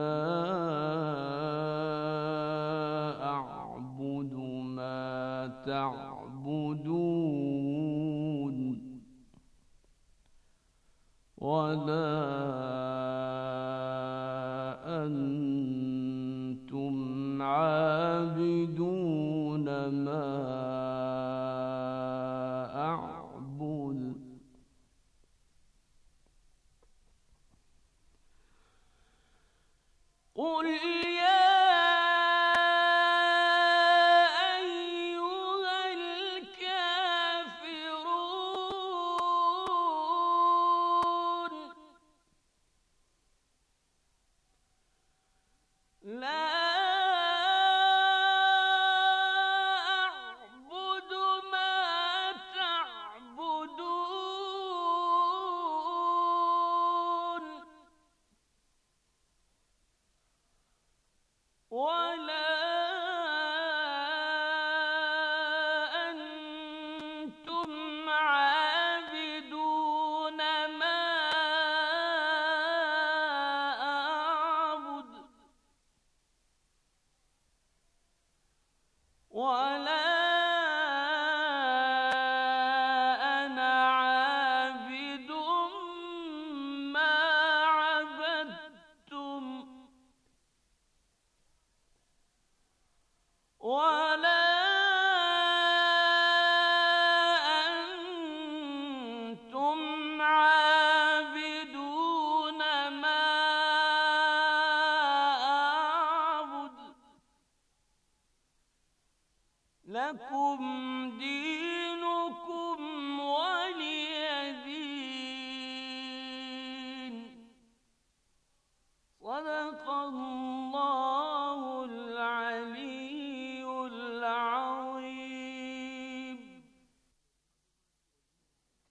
ما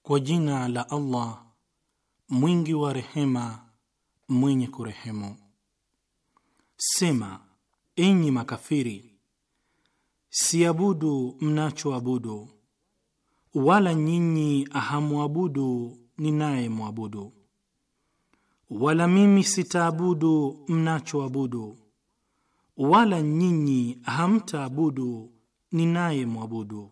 Kwa jina la Allah mwingi wa rehema, mwenye kurehemu. Sema, enyi makafiri, siabudu mnachoabudu, wala nyinyi hamwabudu mwabudu wala mimi sitaabudu mnachoabudu, wala nyinyi hamtaabudu ninayemwabudu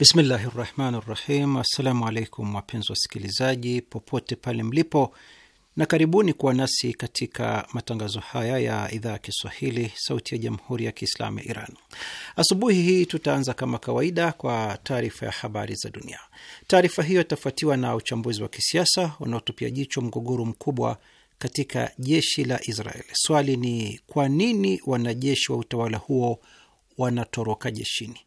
Bismillahi rahmani rahim. Assalamu alaikum wapenzi wasikilizaji popote pale mlipo, na karibuni kuwa nasi katika matangazo haya ya idhaa ya Kiswahili sauti ya jamhuri ya Kiislamu ya Iran. Asubuhi hii tutaanza kama kawaida kwa taarifa ya habari za dunia. Taarifa hiyo itafuatiwa na uchambuzi wa kisiasa unaotupia jicho mgogoro mkubwa katika jeshi la Israel. Swali ni kwa nini wanajeshi wa utawala huo wanatoroka jeshini?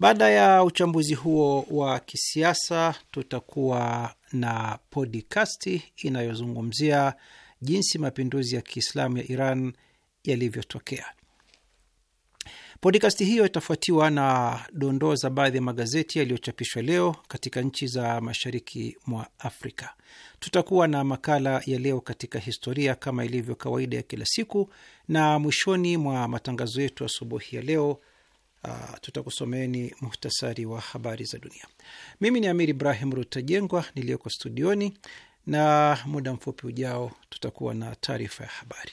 Baada ya uchambuzi huo wa kisiasa, tutakuwa na podikasti inayozungumzia jinsi mapinduzi ya Kiislamu ya Iran yalivyotokea. Podikasti hiyo itafuatiwa na dondoo za baadhi ya magazeti yaliyochapishwa leo katika nchi za mashariki mwa Afrika. Tutakuwa na makala ya leo katika historia kama ilivyo kawaida ya kila siku, na mwishoni mwa matangazo yetu asubuhi ya leo Uh, tutakusomeni muhtasari wa habari za dunia. Mimi ni Amir Ibrahim Rutajengwa niliyoko studioni, na muda mfupi ujao tutakuwa na taarifa ya habari.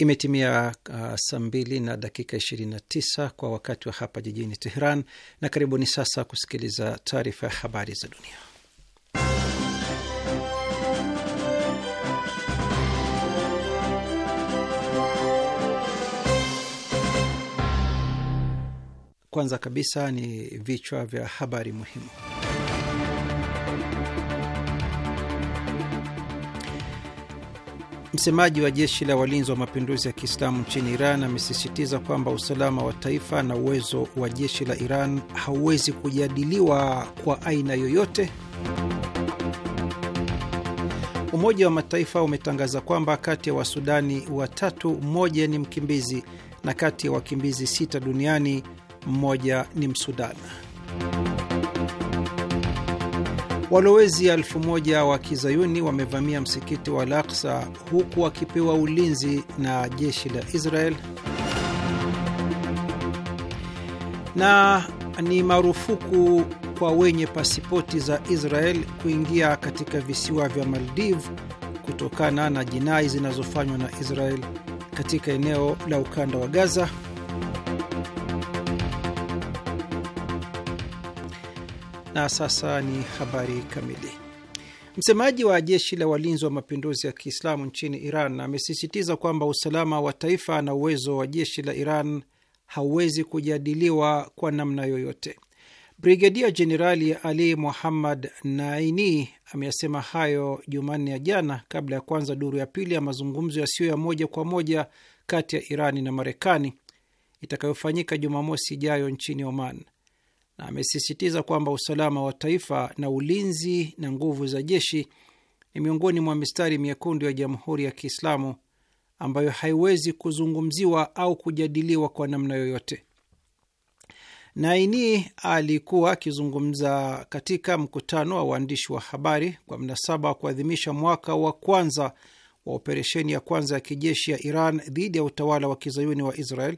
Imetimia uh, saa mbili na dakika 29 kwa wakati wa hapa jijini Teheran, na karibuni sasa kusikiliza taarifa ya habari za dunia. Kwanza kabisa ni vichwa vya habari muhimu. Msemaji wa jeshi la walinzi wa mapinduzi ya Kiislamu nchini Iran amesisitiza kwamba usalama wa taifa na uwezo wa jeshi la Iran hauwezi kujadiliwa kwa aina yoyote. Umoja wa Mataifa umetangaza kwamba kati ya Wasudani watatu mmoja ni mkimbizi na kati ya wakimbizi sita duniani mmoja ni msudana Walowezi elfu moja wa kizayuni wamevamia msikiti wa Al-Aqsa huku wakipewa ulinzi na jeshi la Israel. Na ni marufuku kwa wenye pasipoti za Israel kuingia katika visiwa vya Maldiv kutokana na jinai zinazofanywa na Israel katika eneo la ukanda wa Gaza. Na sasa ni habari kamili. Msemaji wa jeshi la walinzi wa mapinduzi ya Kiislamu nchini Iran amesisitiza kwamba usalama wa taifa na uwezo wa jeshi la Iran hauwezi kujadiliwa kwa namna yoyote. Brigedia Jenerali Ali Muhammad Naini ameyasema hayo Jumanne ya jana kabla ya kuanza duru ya pili ya mazungumzo yasiyo ya moja kwa moja kati ya Irani na Marekani itakayofanyika Jumamosi ijayo nchini Oman na amesisitiza kwamba usalama wa taifa na ulinzi na nguvu za jeshi ni miongoni mwa mistari miekundu ya Jamhuri ya Kiislamu ambayo haiwezi kuzungumziwa au kujadiliwa kwa namna yoyote. Naini alikuwa akizungumza katika mkutano wa waandishi wa habari kwa mnasaba wa kuadhimisha mwaka wa kwanza wa operesheni ya kwanza ya kijeshi ya Iran dhidi ya utawala wa kizayuni wa Israel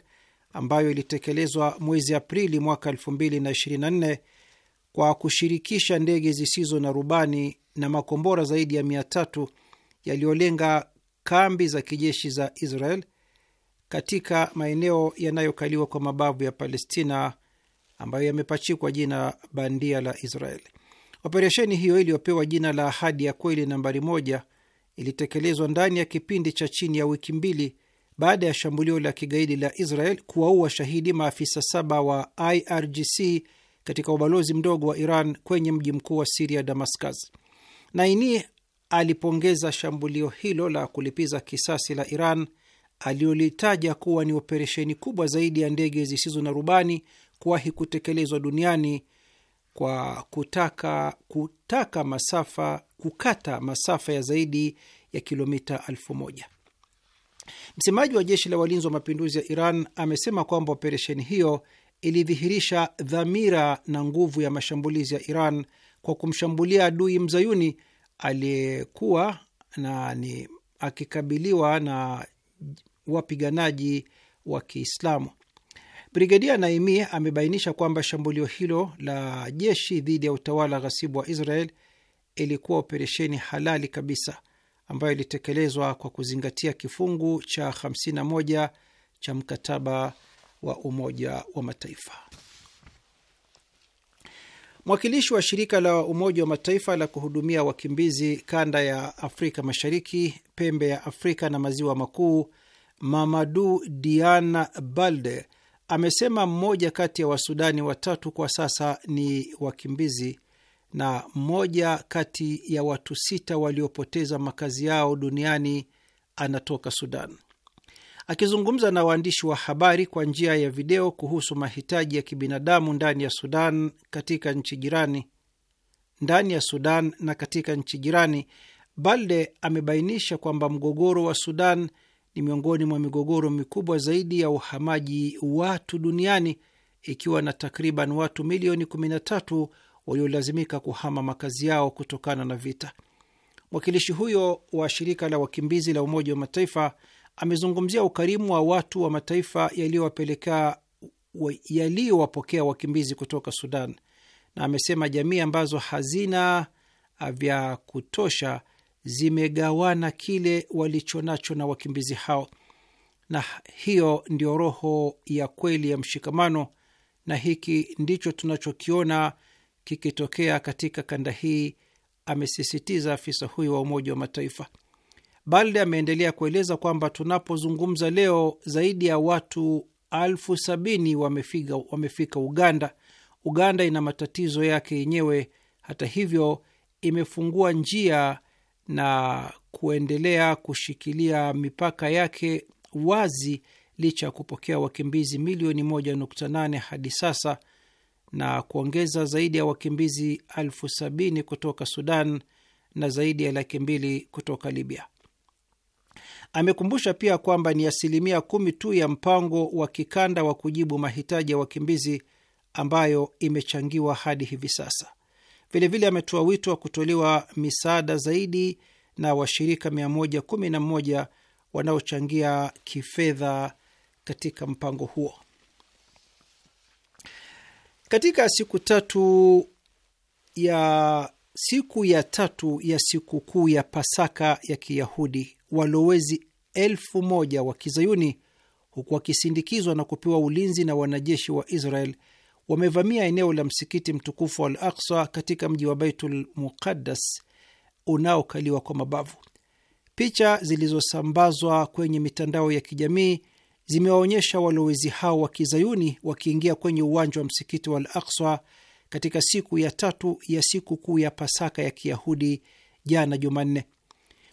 ambayo ilitekelezwa mwezi Aprili mwaka 2024 kwa kushirikisha ndege zisizo na rubani na makombora zaidi ya 300 yaliyolenga kambi za kijeshi za Israel katika maeneo yanayokaliwa kwa mabavu ya Palestina ambayo yamepachikwa jina bandia la Israel. Operesheni hiyo iliyopewa jina la Ahadi ya Kweli nambari moja ilitekelezwa ndani ya kipindi cha chini ya wiki mbili baada ya shambulio la kigaidi la Israel kuwaua shahidi maafisa saba wa IRGC katika ubalozi mdogo wa Iran kwenye mji mkuu wa Siria, Damascus. Naini alipongeza shambulio hilo la kulipiza kisasi la Iran aliyolitaja kuwa ni operesheni kubwa zaidi ya ndege zisizo na rubani kuwahi kutekelezwa duniani kwa kutaka, kutaka masafa, kukata masafa ya zaidi ya kilomita elfu moja. Msemaji wa jeshi la walinzi wa mapinduzi ya Iran amesema kwamba operesheni hiyo ilidhihirisha dhamira na nguvu ya mashambulizi ya Iran kwa kumshambulia adui mzayuni aliyekuwa na ni akikabiliwa na wapiganaji wa Kiislamu. Brigedia Naimi amebainisha kwamba shambulio hilo la jeshi dhidi ya utawala ghasibu wa Israel ilikuwa operesheni halali kabisa ambayo ilitekelezwa kwa kuzingatia kifungu cha 51 cha mkataba wa Umoja wa Mataifa. Mwakilishi wa shirika la Umoja wa Mataifa la kuhudumia wakimbizi kanda ya Afrika Mashariki, pembe ya Afrika na maziwa makuu, Mamadu Diana Balde amesema mmoja kati ya Wasudani watatu kwa sasa ni wakimbizi na mmoja kati ya watu sita waliopoteza makazi yao duniani anatoka Sudan. Akizungumza na waandishi wa habari kwa njia ya video kuhusu mahitaji ya kibinadamu ndani ya Sudan katika nchi jirani ndani ya Sudan na katika nchi jirani, Balde amebainisha kwamba mgogoro wa Sudan ni miongoni mwa migogoro mikubwa zaidi ya uhamaji watu duniani, ikiwa na takriban watu milioni 13 waliolazimika kuhama makazi yao kutokana na vita. Mwakilishi huyo wa shirika la wakimbizi la Umoja wa Mataifa amezungumzia ukarimu wa watu wa mataifa yaliyowapelekea yaliyowapokea wakimbizi kutoka Sudan na amesema jamii ambazo hazina vya kutosha zimegawana kile walichonacho na wakimbizi hao, na hiyo ndio roho ya kweli ya mshikamano, na hiki ndicho tunachokiona kikitokea katika kanda hii, amesisitiza afisa huyo wa Umoja wa Mataifa. Balde ameendelea kueleza kwamba tunapozungumza leo zaidi ya watu elfu sabini wamefika, wamefika Uganda. Uganda ina matatizo yake yenyewe, hata hivyo imefungua njia na kuendelea kushikilia mipaka yake wazi licha ya kupokea wakimbizi milioni 1.8 hadi sasa na kuongeza zaidi ya wakimbizi elfu sabini kutoka Sudan na zaidi ya laki mbili kutoka Libya. Amekumbusha pia kwamba ni asilimia kumi tu ya mpango wa kikanda wa kujibu mahitaji ya wakimbizi ambayo imechangiwa hadi hivi sasa. Vilevile ametoa wito wa kutolewa misaada zaidi na washirika 111 wanaochangia kifedha katika mpango huo. Katika siku tatu ya siku ya tatu ya sikukuu ya Pasaka ya Kiyahudi, walowezi elfu moja wa Kizayuni, huku wakisindikizwa na kupewa ulinzi na wanajeshi wa Israel, wamevamia eneo la msikiti mtukufu wa Al Aksa katika mji wa Baitul Muqaddas unaokaliwa kwa mabavu. Picha zilizosambazwa kwenye mitandao ya kijamii zimewaonyesha walowezi hao wa kizayuni wakiingia kwenye uwanja wa msikiti wa Al katika siku ya tatu ya siku kuu ya Pasaka ya Kiyahudi jana Jumanne.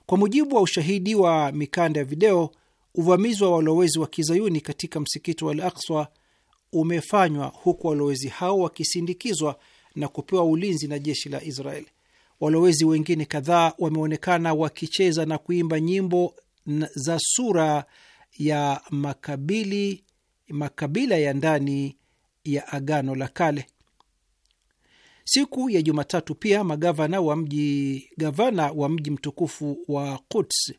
Kwa mujibu wa ushahidi wa mikanda ya video, uvamizi wa walowezi wa kizayuni katika msikiti wa Al umefanywa huku walowezi hao wakisindikizwa na kupewa ulinzi na jeshi la Israel. Walowezi wengine kadhaa wameonekana wakicheza na kuimba nyimbo za sura ya makabili, makabila ya ndani ya Agano la Kale. Siku ya Jumatatu pia magavana wa mji gavana wa mji mtukufu wa Quds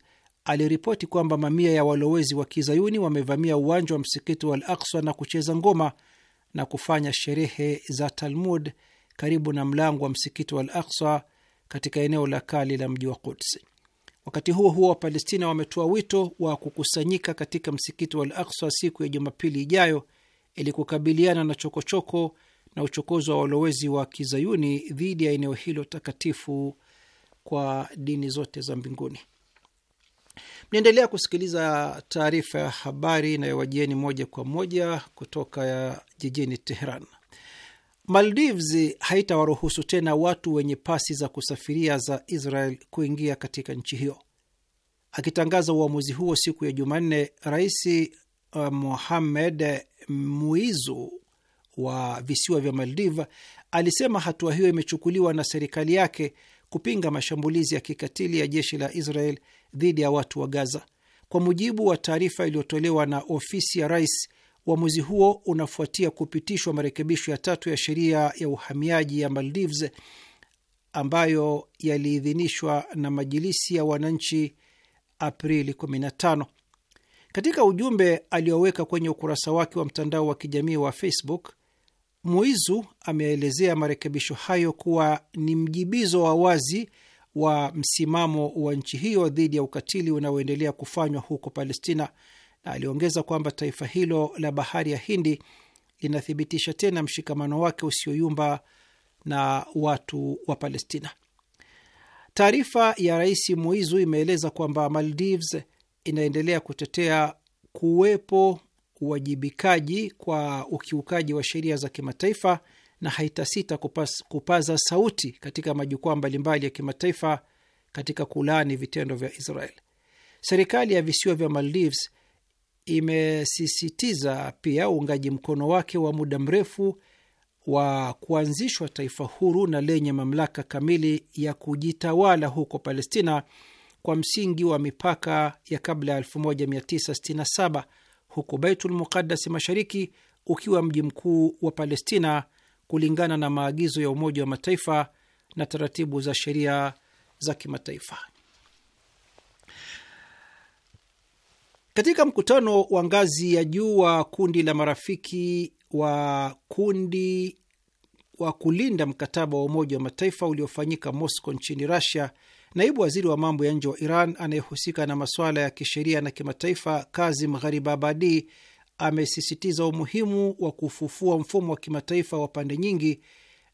aliripoti kwamba mamia ya walowezi wa kizayuni wamevamia uwanja wa msikiti wa Al na kucheza ngoma na kufanya sherehe za Talmud karibu na mlango wa msikiti wa Al katika eneo la kale la mji wa Quds. Wakati huo huo, Wapalestina wametoa wito wa kukusanyika katika msikiti wa Al Aksa siku ya Jumapili ijayo ili kukabiliana na chokochoko -choko na uchokozi wa walowezi wa kizayuni dhidi ya eneo hilo takatifu kwa dini zote za mbinguni. Mnaendelea kusikiliza taarifa ya habari inayowajieni moja kwa moja kutoka jijini Teheran. Maldives haitawaruhusu tena watu wenye pasi za kusafiria za Israel kuingia katika nchi hiyo. Akitangaza uamuzi huo siku ya Jumanne, Rais uh, Mohamed Muizu wa visiwa vya Maldive alisema hatua hiyo imechukuliwa na serikali yake kupinga mashambulizi ya kikatili ya jeshi la Israel dhidi ya watu wa Gaza. Kwa mujibu wa taarifa iliyotolewa na ofisi ya rais, Uamuzi huo unafuatia kupitishwa marekebisho ya tatu ya sheria ya uhamiaji ya Maldives ambayo yaliidhinishwa na majilisi ya wananchi Aprili 15. Katika ujumbe alioweka kwenye ukurasa wake wa mtandao wa kijamii wa Facebook, Muizu ameelezea marekebisho hayo kuwa ni mjibizo wa wazi wa msimamo wa nchi hiyo dhidi ya ukatili unaoendelea kufanywa huko Palestina na aliongeza kwamba taifa hilo la bahari ya Hindi linathibitisha tena mshikamano wake usioyumba na watu wa Palestina. Taarifa ya Rais muizu imeeleza kwamba Maldives inaendelea kutetea kuwepo uwajibikaji kwa ukiukaji wa sheria za kimataifa na haitasita kupas, kupaza sauti katika majukwaa mbalimbali ya kimataifa katika kulaani vitendo vya Israel. Serikali ya visiwa vya Maldives imesisitiza pia uungaji mkono wake wa muda mrefu wa kuanzishwa taifa huru na lenye mamlaka kamili ya kujitawala huko Palestina kwa msingi wa mipaka ya kabla ya 1967 huku Baitul Muqaddas mashariki ukiwa mji mkuu wa Palestina kulingana na maagizo ya Umoja wa Mataifa na taratibu za sheria za kimataifa. Katika mkutano wa ngazi ya juu wa kundi la marafiki wa kundi wa kulinda mkataba wa Umoja wa Mataifa uliofanyika Moscow nchini Russia, naibu waziri wa mambo ya nje wa Iran anayehusika na masuala ya kisheria na kimataifa Kazim Gharibabadi amesisitiza umuhimu wa kufufua mfumo wa kimataifa wa pande nyingi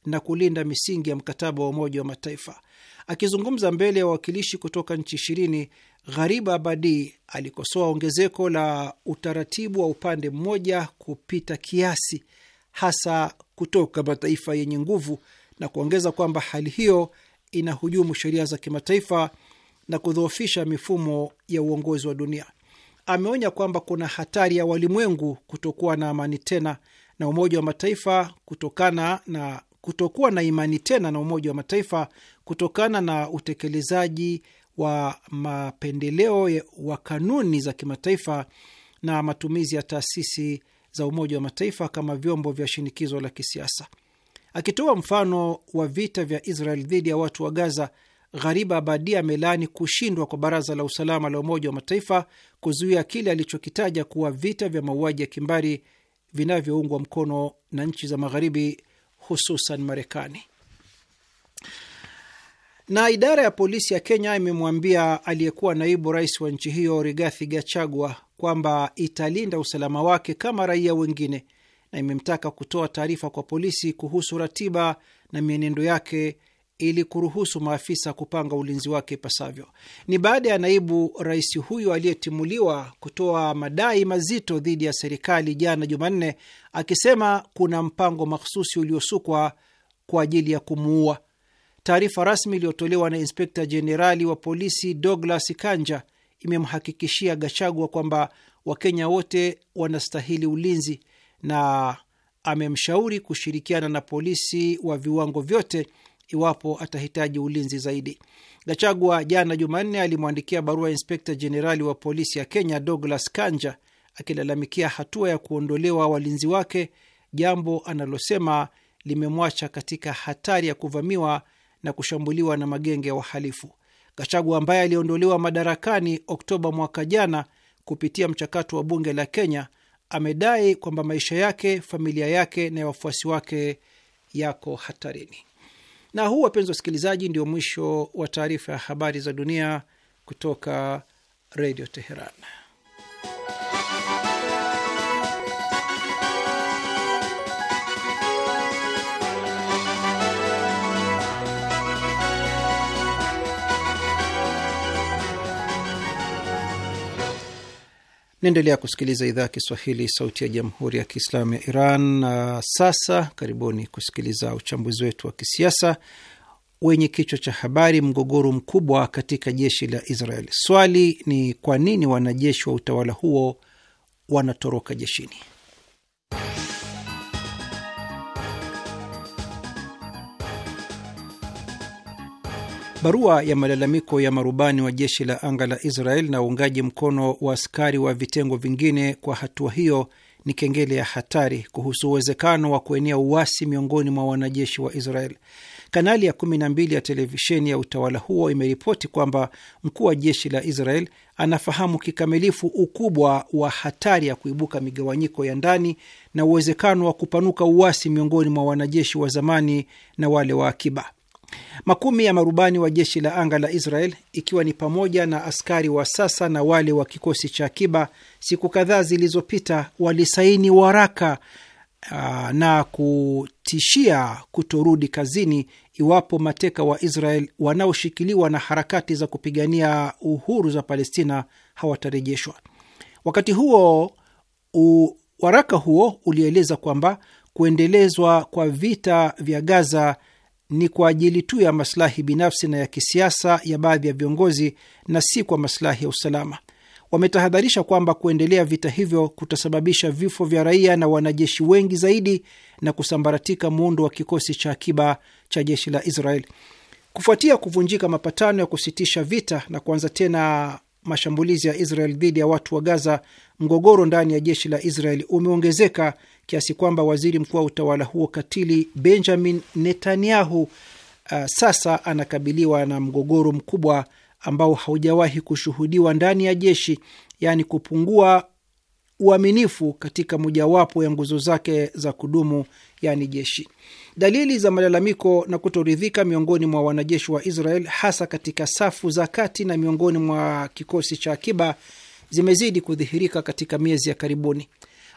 na kulinda misingi ya mkataba wa Umoja wa Mataifa. Akizungumza mbele ya wawakilishi kutoka nchi ishirini, Ghariba Abadi alikosoa ongezeko la utaratibu wa upande mmoja kupita kiasi, hasa kutoka mataifa yenye nguvu, na kuongeza kwamba hali hiyo inahujumu sheria za kimataifa na kudhoofisha mifumo ya uongozi wa dunia. Ameonya kwamba kuna hatari ya walimwengu kutokuwa na amani tena na Umoja wa Mataifa kutokana na kutokuwa na imani tena na Umoja wa Mataifa kutokana na utekelezaji wa mapendeleo wa kanuni za kimataifa na matumizi ya taasisi za Umoja wa Mataifa kama vyombo vya shinikizo la kisiasa. Akitoa mfano wa vita vya Israel dhidi ya watu wa Gaza, Ghariba Abadi amelaani kushindwa kwa Baraza la Usalama la Umoja wa Mataifa kuzuia kile alichokitaja kuwa vita vya mauaji ya kimbari vinavyoungwa mkono na nchi za Magharibi, hususan Marekani. Na idara ya polisi ya Kenya imemwambia aliyekuwa naibu rais wa nchi hiyo Rigathi Gachagua kwamba italinda usalama wake kama raia wengine, na imemtaka kutoa taarifa kwa polisi kuhusu ratiba na mienendo yake ili kuruhusu maafisa kupanga ulinzi wake ipasavyo. Ni baada ya naibu rais huyo aliyetimuliwa kutoa madai mazito dhidi ya serikali jana Jumanne, akisema kuna mpango mahsusi uliosukwa kwa ajili ya kumuua. Taarifa rasmi iliyotolewa na inspekta jenerali wa polisi Douglas Kanja imemhakikishia Gachagua kwamba Wakenya wote wanastahili ulinzi na amemshauri kushirikiana na polisi wa viwango vyote iwapo atahitaji ulinzi zaidi. Gachagua jana Jumanne alimwandikia barua inspekta jenerali wa polisi ya Kenya Douglas Kanja akilalamikia hatua ya kuondolewa walinzi wake, jambo analosema limemwacha katika hatari ya kuvamiwa na kushambuliwa na magenge ya wa wahalifu. Gachagua ambaye aliondolewa madarakani Oktoba mwaka jana kupitia mchakato wa bunge la Kenya amedai kwamba maisha yake, familia yake na ya wafuasi wake yako hatarini. Na huu, wapenzi wasikilizaji, ndio mwisho wa taarifa ya habari za dunia kutoka Redio Teheran. Naendelea kusikiliza idhaa ya Kiswahili, sauti ya jamhuri ya kiislamu ya Iran. Na sasa karibuni kusikiliza uchambuzi wetu wa kisiasa wenye kichwa cha habari, mgogoro mkubwa katika jeshi la Israel. Swali ni kwa nini wanajeshi wa utawala huo wanatoroka jeshini? Barua ya malalamiko ya marubani wa jeshi la anga la Israel na uungaji mkono wa askari wa vitengo vingine kwa hatua hiyo ni kengele ya hatari kuhusu uwezekano wa kuenea uasi miongoni mwa wanajeshi wa Israel. Kanali ya 12 ya televisheni ya utawala huo imeripoti kwamba mkuu wa jeshi la Israel anafahamu kikamilifu ukubwa wa hatari ya kuibuka migawanyiko ya ndani na uwezekano wa kupanuka uasi miongoni mwa wanajeshi wa zamani na wale wa akiba. Makumi ya marubani wa jeshi la anga la Israel ikiwa ni pamoja na askari wa sasa na wale wa kikosi cha akiba, siku kadhaa zilizopita walisaini waraka ah, na kutishia kutorudi kazini iwapo mateka wa Israel wanaoshikiliwa na harakati za kupigania uhuru za Palestina hawatarejeshwa. Wakati huo u, waraka huo ulieleza kwamba kuendelezwa kwa vita vya Gaza ni kwa ajili tu ya masilahi binafsi na ya kisiasa ya baadhi ya viongozi na si kwa masilahi ya usalama. Wametahadharisha kwamba kuendelea vita hivyo kutasababisha vifo vya raia na wanajeshi wengi zaidi na kusambaratika muundo wa kikosi cha akiba cha jeshi la Israel. Kufuatia kuvunjika mapatano ya kusitisha vita na kuanza tena mashambulizi ya Israel dhidi ya watu wa Gaza, mgogoro ndani ya jeshi la Israel umeongezeka kiasi kwamba waziri mkuu wa utawala huo katili Benjamin Netanyahu uh, sasa anakabiliwa na mgogoro mkubwa ambao haujawahi kushuhudiwa ndani ya jeshi, yaani kupungua uaminifu katika mojawapo ya nguzo zake za kudumu, yaani jeshi. Dalili za malalamiko na kutoridhika miongoni mwa wanajeshi wa Israel, hasa katika safu za kati na miongoni mwa kikosi cha akiba, zimezidi kudhihirika katika miezi ya karibuni.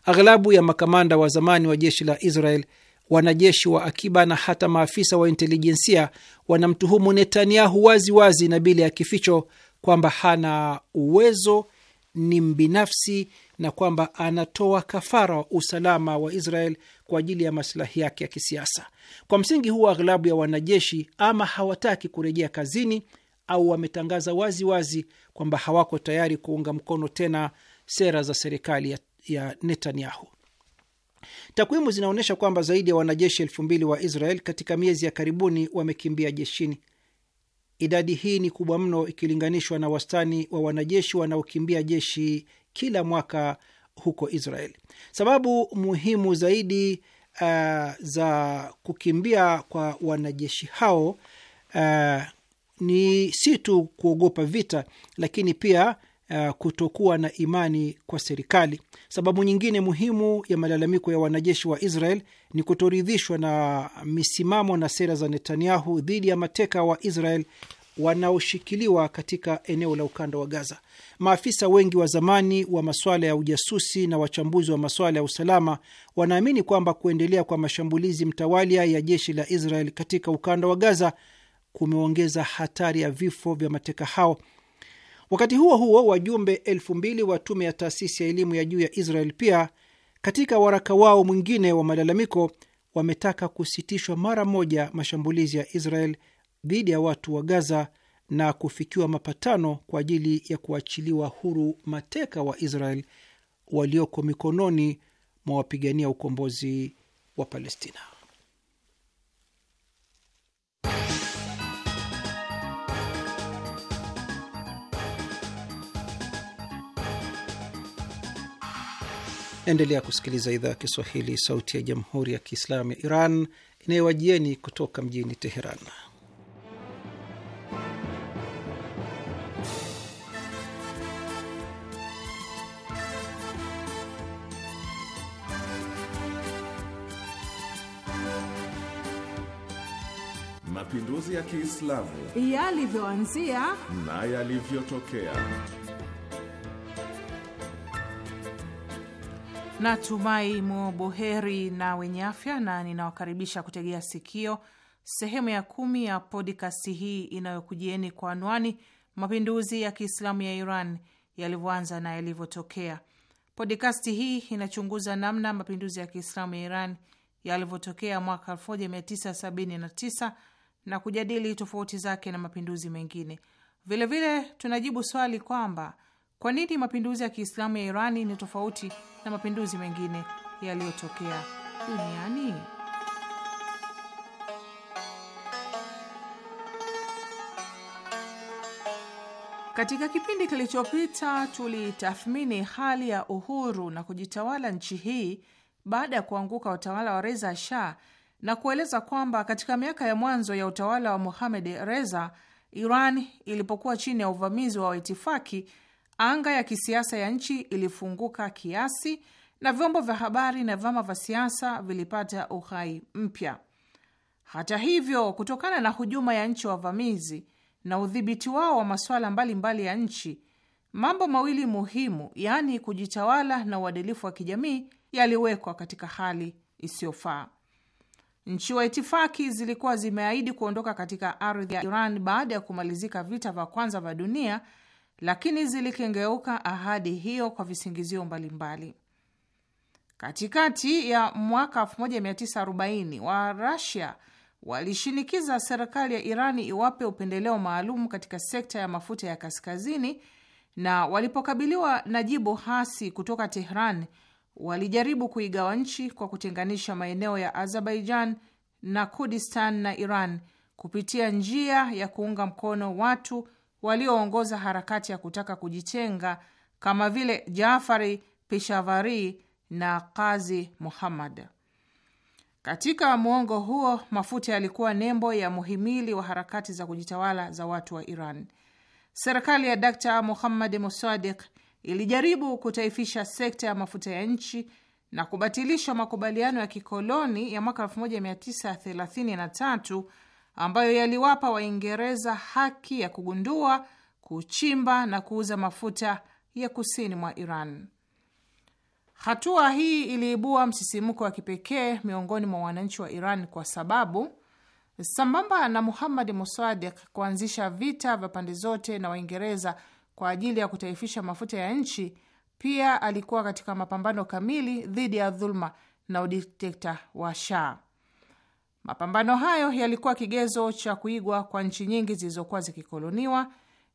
Aghalabu ya makamanda wa zamani wa jeshi la Israel, wanajeshi wa akiba na hata maafisa wa intelijensia wanamtuhumu Netanyahu wazi wazi na bila ya kificho kwamba hana uwezo, ni mbinafsi na kwamba anatoa kafara wa usalama wa Israel kwa ajili ya masilahi yake ya kisiasa. Kwa msingi huo, aghlabu ya wanajeshi ama hawataki kurejea kazini au wametangaza wazi wazi kwamba hawako tayari kuunga mkono tena sera za serikali ya, ya Netanyahu. Takwimu zinaonyesha kwamba zaidi ya wanajeshi elfu mbili wa Israel katika miezi ya karibuni wamekimbia jeshini. Idadi hii ni kubwa mno ikilinganishwa na wastani wa wanajeshi wanaokimbia jeshi kila mwaka huko Israel. Sababu muhimu zaidi uh, za kukimbia kwa wanajeshi hao uh, ni si tu kuogopa vita, lakini pia uh, kutokuwa na imani kwa serikali. Sababu nyingine muhimu ya malalamiko ya wanajeshi wa Israel ni kutoridhishwa na misimamo na sera za Netanyahu dhidi ya mateka wa Israel wanaoshikiliwa katika eneo la ukanda wa Gaza. Maafisa wengi wa zamani wa masuala ya ujasusi na wachambuzi wa masuala ya usalama wanaamini kwamba kuendelea kwa mashambulizi mtawalia ya jeshi la Israel katika ukanda wa Gaza kumeongeza hatari ya vifo vya mateka hao. Wakati huo huo, wajumbe elfu mbili wa tume ya taasisi ya elimu ya juu ya Israel pia katika waraka wao mwingine wa malalamiko wametaka kusitishwa mara moja mashambulizi ya Israel dhidi ya watu wa Gaza na kufikiwa mapatano kwa ajili ya kuachiliwa huru mateka wa Israel walioko mikononi mwa wapigania ukombozi wa Palestina. Endelea kusikiliza idhaa ya Kiswahili, sauti ya jamhuri ya kiislamu ya Iran inayowajieni kutoka mjini Teheran. Kiislamu yalivyoanzia na yalivyotokea. Natumai muboheri na wenye afya, na ninawakaribisha kutegea sikio sehemu ya kumi ya podikasti hii inayokujieni kwa anwani mapinduzi ya Kiislamu ya Iran yalivyoanza na yalivyotokea. Podikasti hii inachunguza namna mapinduzi ya Kiislamu ya Iran yalivyotokea mwaka 1979 na kujadili tofauti zake na mapinduzi mengine. Vilevile tunajibu swali kwamba kwa nini mapinduzi ya Kiislamu ya Irani ni tofauti na mapinduzi mengine yaliyotokea duniani. Katika kipindi kilichopita tulitathmini hali ya uhuru na kujitawala nchi hii baada ya kuanguka utawala wa Reza Shah na kueleza kwamba katika miaka ya mwanzo ya utawala wa Mohamed Reza, Iran ilipokuwa chini ya uvamizi wa waitifaki, anga ya kisiasa ya nchi ilifunguka kiasi na vyombo vya habari na vyama vya siasa vilipata uhai mpya. Hata hivyo, kutokana na hujuma ya nchi wavamizi na udhibiti wao wa masuala mbalimbali ya nchi, mambo mawili muhimu, yaani kujitawala na uadilifu wa kijamii, yaliwekwa katika hali isiyofaa. Nchi wa itifaki zilikuwa zimeahidi kuondoka katika ardhi ya Iran baada ya kumalizika vita vya kwanza vya dunia, lakini zilikengeuka ahadi hiyo kwa visingizio mbalimbali. Katikati ya mwaka 1940 wa Rasia walishinikiza serikali ya Irani iwape upendeleo maalum katika sekta ya mafuta ya kaskazini, na walipokabiliwa na jibu hasi kutoka Tehran walijaribu kuigawa nchi kwa kutenganisha maeneo ya Azerbaijan na Kurdistan na Iran kupitia njia ya kuunga mkono watu walioongoza harakati ya kutaka kujitenga kama vile Jafari Pishavari na Qazi Muhammad. Katika muongo huo, mafuta yalikuwa nembo ya muhimili wa harakati za kujitawala za watu wa Iran. Serikali ya Dr Muhammad Musadik ilijaribu kutaifisha sekta ya mafuta ya nchi na kubatilisha makubaliano ya kikoloni ya mwaka 1933 ambayo yaliwapa Waingereza haki ya kugundua, kuchimba na kuuza mafuta ya kusini mwa Iran. Hatua hii iliibua msisimko wa kipekee miongoni mwa wananchi wa Iran kwa sababu sambamba na Muhammad musadik kuanzisha vita vya pande zote na Waingereza kwa ajili ya kutaifisha mafuta ya nchi. Pia alikuwa katika mapambano kamili dhidi ya dhuluma na udikteta wa Shah. Mapambano hayo yalikuwa kigezo cha kuigwa kwa nchi nyingi zilizokuwa zikikoloniwa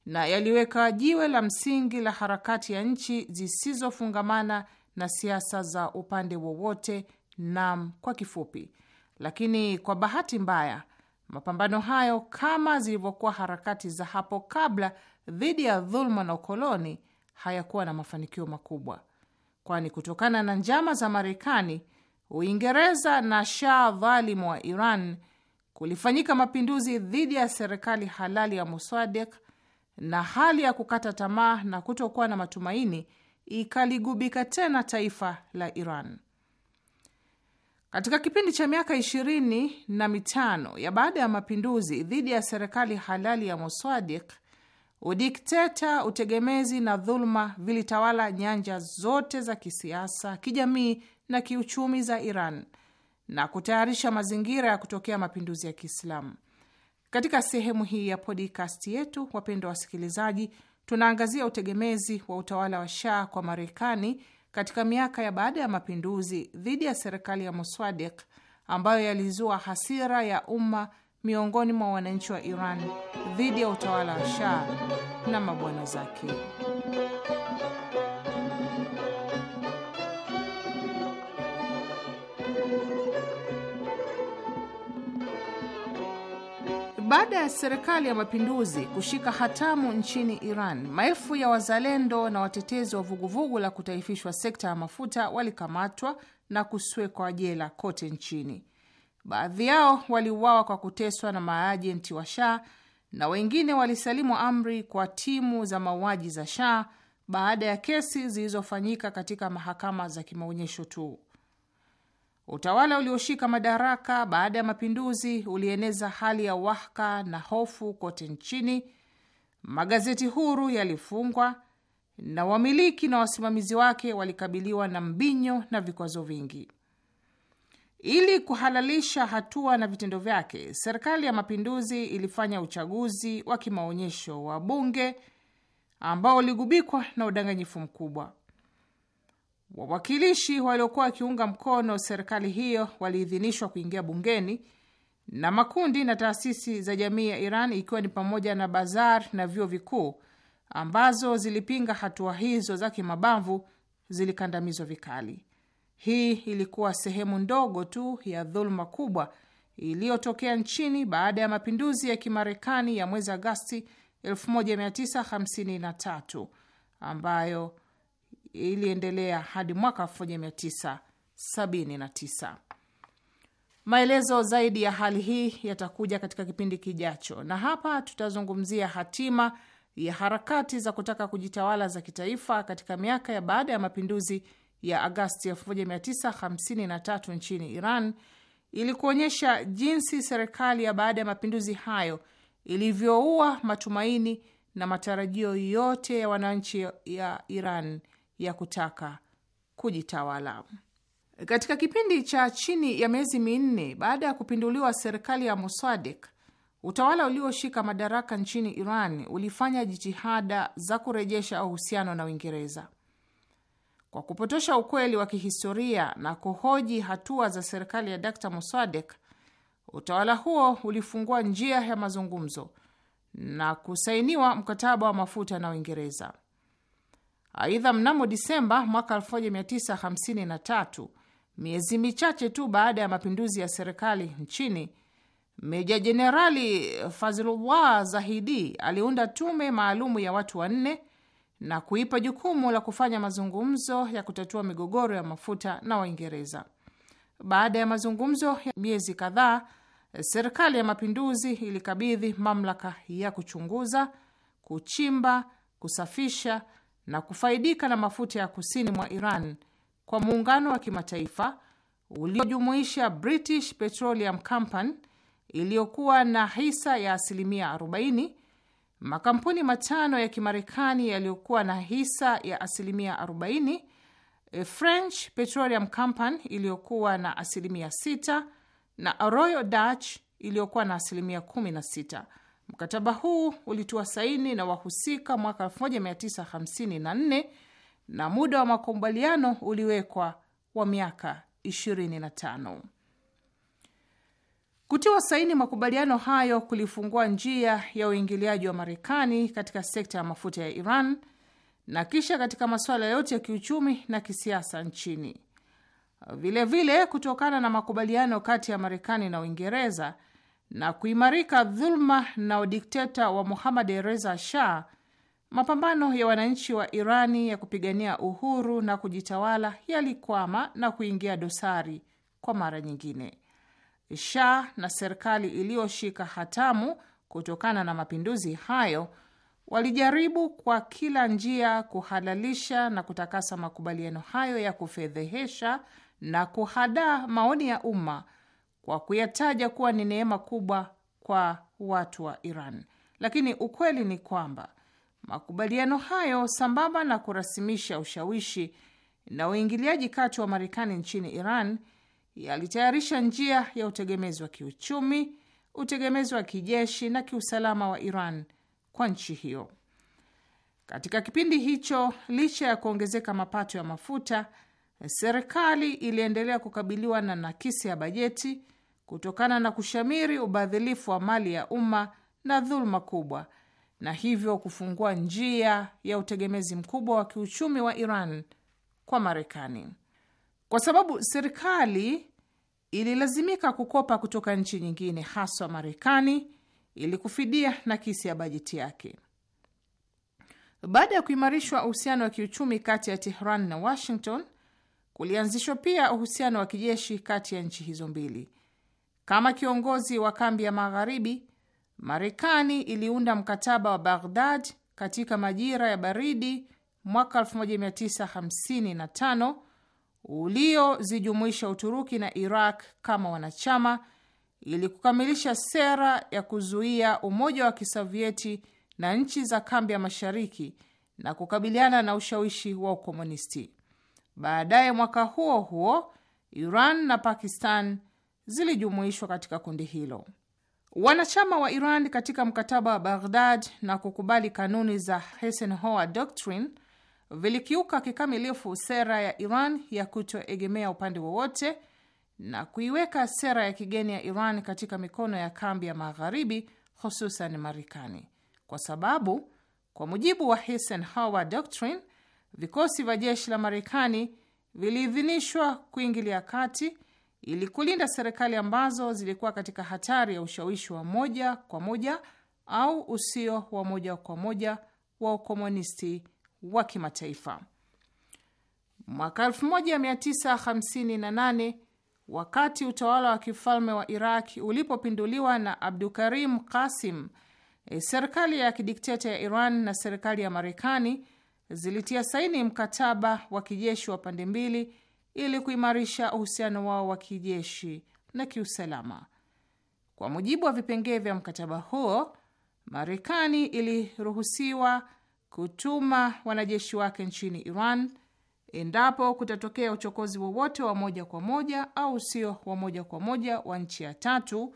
na yaliweka jiwe la msingi la harakati ya nchi zisizofungamana na siasa za upande wowote, NAM kwa kifupi. Lakini kwa bahati mbaya, mapambano hayo, kama zilivyokuwa harakati za hapo kabla dhidi ya dhuluma na ukoloni hayakuwa na mafanikio makubwa, kwani kutokana na njama za Marekani, Uingereza na Shah dhalimu wa Iran kulifanyika mapinduzi dhidi ya serikali halali ya Mosadik na hali ya kukata tamaa na kutokuwa na matumaini ikaligubika tena taifa la Iran. Katika kipindi cha miaka ishirini na mitano ya baada ya mapinduzi dhidi ya serikali halali ya Moswadik, udikteta, utegemezi na dhuluma vilitawala nyanja zote za kisiasa, kijamii na kiuchumi za Iran na kutayarisha mazingira ya kutokea mapinduzi ya Kiislamu. Katika sehemu hii ya podcast yetu, wapendwa wasikilizaji, tunaangazia utegemezi wa utawala wa Shah kwa Marekani katika miaka ya baada ya mapinduzi dhidi ya serikali ya Moswadik ambayo yalizua hasira ya umma miongoni mwa wananchi wa Iran dhidi ya utawala wa Shah na mabwana zake. Baada ya serikali ya mapinduzi kushika hatamu nchini Iran, maelfu ya wazalendo na watetezi wa vuguvugu la kutaifishwa sekta ya mafuta walikamatwa na kuswekwa jela kote nchini. Baadhi yao waliuawa kwa kuteswa na maajenti wa Shah na wengine walisalimu amri kwa timu za mauaji za Shah baada ya kesi zilizofanyika katika mahakama za kimaonyesho tu. Utawala ulioshika madaraka baada ya mapinduzi ulieneza hali ya wahaka na hofu kote nchini. Magazeti huru yalifungwa na wamiliki na wasimamizi wake walikabiliwa na mbinyo na vikwazo vingi. Ili kuhalalisha hatua na vitendo vyake, serikali ya mapinduzi ilifanya uchaguzi wa kimaonyesho wa bunge ambao uligubikwa na udanganyifu mkubwa. Wawakilishi waliokuwa wakiunga mkono serikali hiyo waliidhinishwa kuingia bungeni na makundi na taasisi za jamii ya Iran ikiwa ni pamoja na bazar na vyuo vikuu ambazo zilipinga hatua hizo za kimabavu zilikandamizwa vikali. Hii ilikuwa sehemu ndogo tu ya dhuluma kubwa iliyotokea nchini baada ya mapinduzi ya Kimarekani ya mwezi Agasti 1953 ambayo iliendelea hadi mwaka 1979. Maelezo zaidi ya hali hii yatakuja katika kipindi kijacho, na hapa tutazungumzia hatima ya harakati za kutaka kujitawala za kitaifa katika miaka ya baada ya mapinduzi ya Agasti 1953 nchini Iran ili kuonyesha jinsi serikali ya baada ya mapinduzi hayo ilivyoua matumaini na matarajio yote ya wananchi ya Iran ya kutaka kujitawala. Katika kipindi cha chini ya miezi minne baada ya kupinduliwa serikali ya Mosadik, utawala ulioshika madaraka nchini Iran ulifanya jitihada za kurejesha uhusiano na Uingereza kwa kupotosha ukweli wa kihistoria na kuhoji hatua za serikali ya Dr Musadek, utawala huo ulifungua njia ya mazungumzo na kusainiwa mkataba wa mafuta na Uingereza. Aidha, mnamo Disemba mwaka 1953, miezi michache tu baada ya mapinduzi ya serikali nchini, Meja Jenerali Fazlullah Zahidi aliunda tume maalumu ya watu wanne na kuipa jukumu la kufanya mazungumzo ya kutatua migogoro ya mafuta na Waingereza. Baada ya mazungumzo ya miezi kadhaa, serikali ya mapinduzi ilikabidhi mamlaka ya kuchunguza, kuchimba, kusafisha na kufaidika na mafuta ya kusini mwa Iran kwa muungano wa kimataifa uliojumuisha British Petroleum Company iliyokuwa na hisa ya asilimia Makampuni matano ya Kimarekani yaliyokuwa na hisa ya asilimia 40, eh, French Petroleum Company iliyokuwa na asilimia 6 na Royal Dutch iliyokuwa na asilimia 16. Mkataba huu ulitua saini na wahusika mwaka 1954 na muda wa makubaliano uliwekwa wa miaka 25. Kutiwa saini makubaliano hayo kulifungua njia ya uingiliaji wa Marekani katika sekta ya mafuta ya Iran na kisha katika masuala yote ya kiuchumi na kisiasa nchini. Vilevile vile, kutokana na makubaliano kati ya Marekani na Uingereza na kuimarika dhuluma na udikteta wa Muhammad Reza Shah, mapambano ya wananchi wa Irani ya kupigania uhuru na kujitawala yalikwama na kuingia dosari kwa mara nyingine. Shah na serikali iliyoshika hatamu kutokana na mapinduzi hayo walijaribu kwa kila njia kuhalalisha na kutakasa makubaliano hayo ya kufedhehesha na kuhadaa maoni ya umma kwa kuyataja kuwa ni neema kubwa kwa watu wa Iran. Lakini ukweli ni kwamba makubaliano hayo, sambamba na kurasimisha ushawishi na uingiliaji kati wa Marekani nchini Iran, yalitayarisha njia ya utegemezi wa kiuchumi, utegemezi wa kijeshi na kiusalama wa Iran kwa nchi hiyo. Katika kipindi hicho, licha ya kuongezeka mapato ya mafuta, serikali iliendelea kukabiliwa na nakisi ya bajeti kutokana na kushamiri ubadhilifu wa mali ya umma na dhuluma kubwa, na hivyo kufungua njia ya utegemezi mkubwa wa kiuchumi wa Iran kwa Marekani. Kwa sababu serikali ililazimika kukopa kutoka nchi nyingine, haswa Marekani, ili kufidia nakisi ya bajeti yake. Baada ya kuimarishwa uhusiano wa kiuchumi kati ya Tehran na Washington, kulianzishwa pia uhusiano wa kijeshi kati ya nchi hizo mbili. Kama kiongozi wa kambi ya Magharibi, Marekani iliunda mkataba wa Baghdad katika majira ya baridi mwaka 1955 uliozijumuisha Uturuki na Iraq kama wanachama ili kukamilisha sera ya kuzuia umoja wa Kisovieti na nchi za kambi ya mashariki na kukabiliana na ushawishi wa ukomunisti. Baadaye mwaka huo huo, Iran na Pakistan zilijumuishwa katika kundi hilo. Wanachama wa Iran katika mkataba wa Baghdad na kukubali kanuni za Eisenhower Doctrine vilikiuka kikamilifu sera ya Iran ya kutoegemea upande wowote na kuiweka sera ya kigeni ya Iran katika mikono ya kambi ya Magharibi, hususan Marekani, kwa sababu kwa mujibu wa Eisenhower Doctrine, vikosi vya jeshi la Marekani viliidhinishwa kuingilia kati ili kulinda serikali ambazo zilikuwa katika hatari ya ushawishi wa moja kwa moja au usio wa moja kwa moja wa ukomunisti wa kimataifa. Mwaka 1958 wakati utawala wa kifalme wa Iraq ulipopinduliwa na Abdukarim Qasim, eh, serikali ya kidikteta ya Iran na serikali ya Marekani zilitia saini mkataba wa kijeshi wa pande mbili ili kuimarisha uhusiano wao wa kijeshi na kiusalama. Kwa mujibu wa vipengee vya mkataba huo, Marekani iliruhusiwa kutuma wanajeshi wake nchini Iran endapo kutatokea uchokozi wowote wa moja kwa moja au usio wa moja kwa moja wa nchi ya tatu,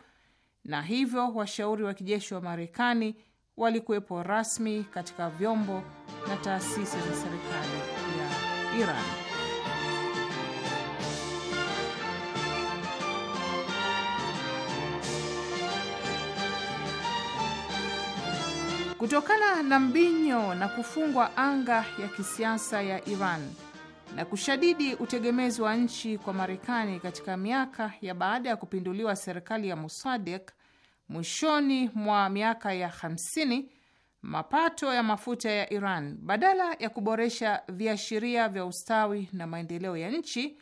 na hivyo washauri wa kijeshi wa Marekani walikuwepo rasmi katika vyombo na taasisi za serikali ya Iran. Kutokana na mbinyo na kufungwa anga ya kisiasa ya Iran na kushadidi utegemezi wa nchi kwa Marekani katika miaka ya baada ya kupinduliwa serikali ya Musadik mwishoni mwa miaka ya 50, mapato ya mafuta ya Iran badala ya kuboresha viashiria vya ustawi na maendeleo ya nchi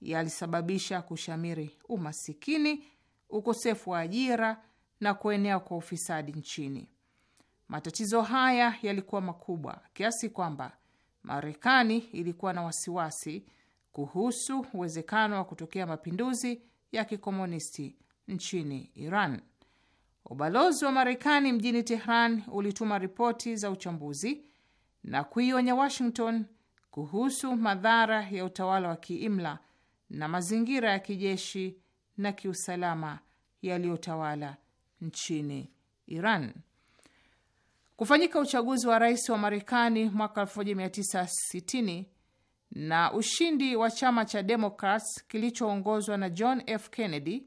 yalisababisha kushamiri umasikini, ukosefu wa ajira na kuenea kwa ufisadi nchini. Matatizo haya yalikuwa makubwa kiasi kwamba Marekani ilikuwa na wasiwasi kuhusu uwezekano wa kutokea mapinduzi ya kikomunisti nchini Iran. Ubalozi wa Marekani mjini Tehran ulituma ripoti za uchambuzi na kuionya Washington kuhusu madhara ya utawala wa kiimla na mazingira ya kijeshi na kiusalama yaliyotawala nchini Iran kufanyika uchaguzi wa rais wa Marekani mwaka 1960 na ushindi wa chama cha Democrats kilichoongozwa na John F. Kennedy